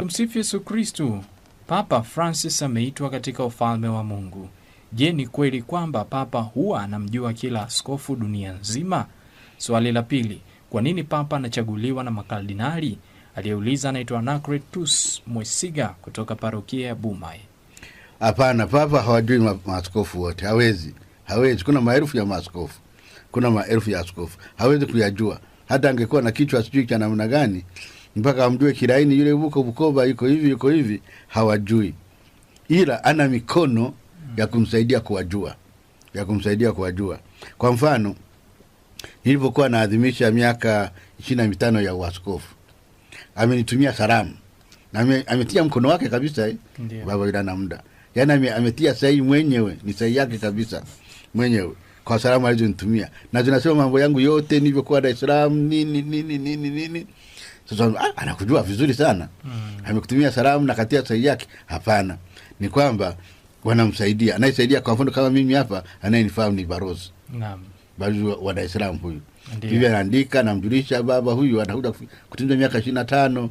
Tumsifu Yesu Kristu. Papa Francis ameitwa katika ufalme wa Mungu. Je, ni kweli kwamba papa huwa anamjua kila askofu dunia nzima? Swali la pili, kwa nini papa anachaguliwa na makardinali? Aliyeuliza anaitwa Anacletus Mwesiga kutoka parokia ya Bumai. Hapana, papa hawajui ma maaskofu wote, hawezi hawezi. Kuna maelfu ya maaskofu, kuna maelfu ya askofu, hawezi kuyajua. Hata angekuwa na kichwa sijui cha namna gani mpaka amjue Kilaini yule yuko Bukoba, yuko hivi, yuko hivi, hawajui, ila ana mikono ya kumsaidia kuwajua, ya kumsaidia kuwajua. Kwa mfano, nilipokuwa naadhimisha miaka ishirini na mitano ya uaskofu amenitumia salamu na ametia mkono wake kabisa eh? Baba ila na muda yani ame, ametia sahihi mwenyewe, ni sahihi yake kabisa mwenyewe kwa salamu alizonitumia, na zinasema mambo yangu yote nilivyokuwa Dar es Salaam nini nini nini nini sasa ah, anakujua vizuri sana mm. amekutumia salamu na katia sahihi yake? Hapana, ni kwamba wanamsaidia anayesaidia. Kwa mfano kama mimi hapa, anayenifahamu ni barozi, naam, barozi wa huyu anaandika, namjulisha baba huyu anakuja kutimiza miaka ishirini na tano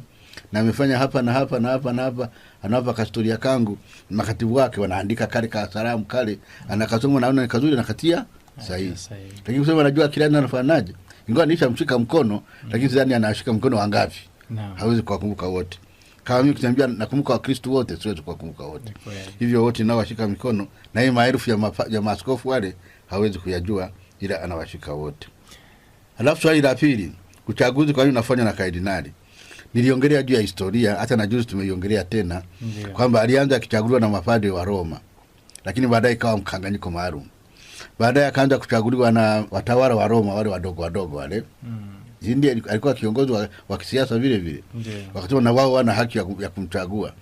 na amefanya hapa na hapa na hapa na hapa, anawapa kastoria kangu, makatibu wake wanaandika kale ka salamu kale, anakasoma naona ni kazuri, nakatia sahihi, lakini kusema ingawa nilishamshika mkono mm. lakini sidhani anashika mkono wangapi no. hawezi kuwakumbuka wote kama mimi kuniambia nakumbuka wakristu wote siwezi kuwakumbuka wote hivyo wote nawashika mikono na hii maelfu ya, mapa, ya maaskofu wale hawezi kuyajua ila anawashika wote alafu swali la pili uchaguzi kwa nini unafanywa na kardinali niliongelea juu ya historia hata na juzi tumeiongelea tena kwamba alianza akichaguliwa na mapadre wa roma lakini baadaye ikawa mkanganyiko maalum Baadaye akaanza kuchaguliwa na watawala wa Roma wale wadogo wadogo wale mm. Zindi alikuwa kiongozi wa, wa kisiasa vile vile yeah. Wakasema na wao wana haki ya, ya kumchagua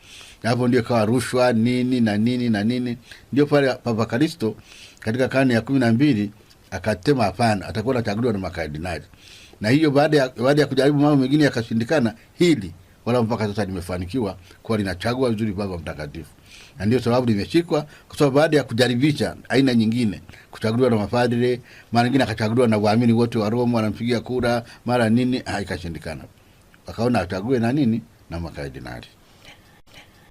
hapo ndio kawa rushwa nini na nini na nini. Ndio pale Papa Kalisto katika karne ya kumi na mbili akasema hapana, atakuwa anachaguliwa na makardinali, na hiyo baada ya, baada ya kujaribu mambo mengine yakashindikana, hili wala mpaka sasa limefanikiwa kuwa linachagua vizuri Baba Mtakatifu, na ndio sababu limeshikwa, kwa sababu baada ya kujaribisha aina nyingine, kuchaguliwa na mapadre, mara nyingine akachaguliwa na waamini wote wa Roma, wanampigia kura mara nini, haikashindikana, wakaona achague na nini na makardinali.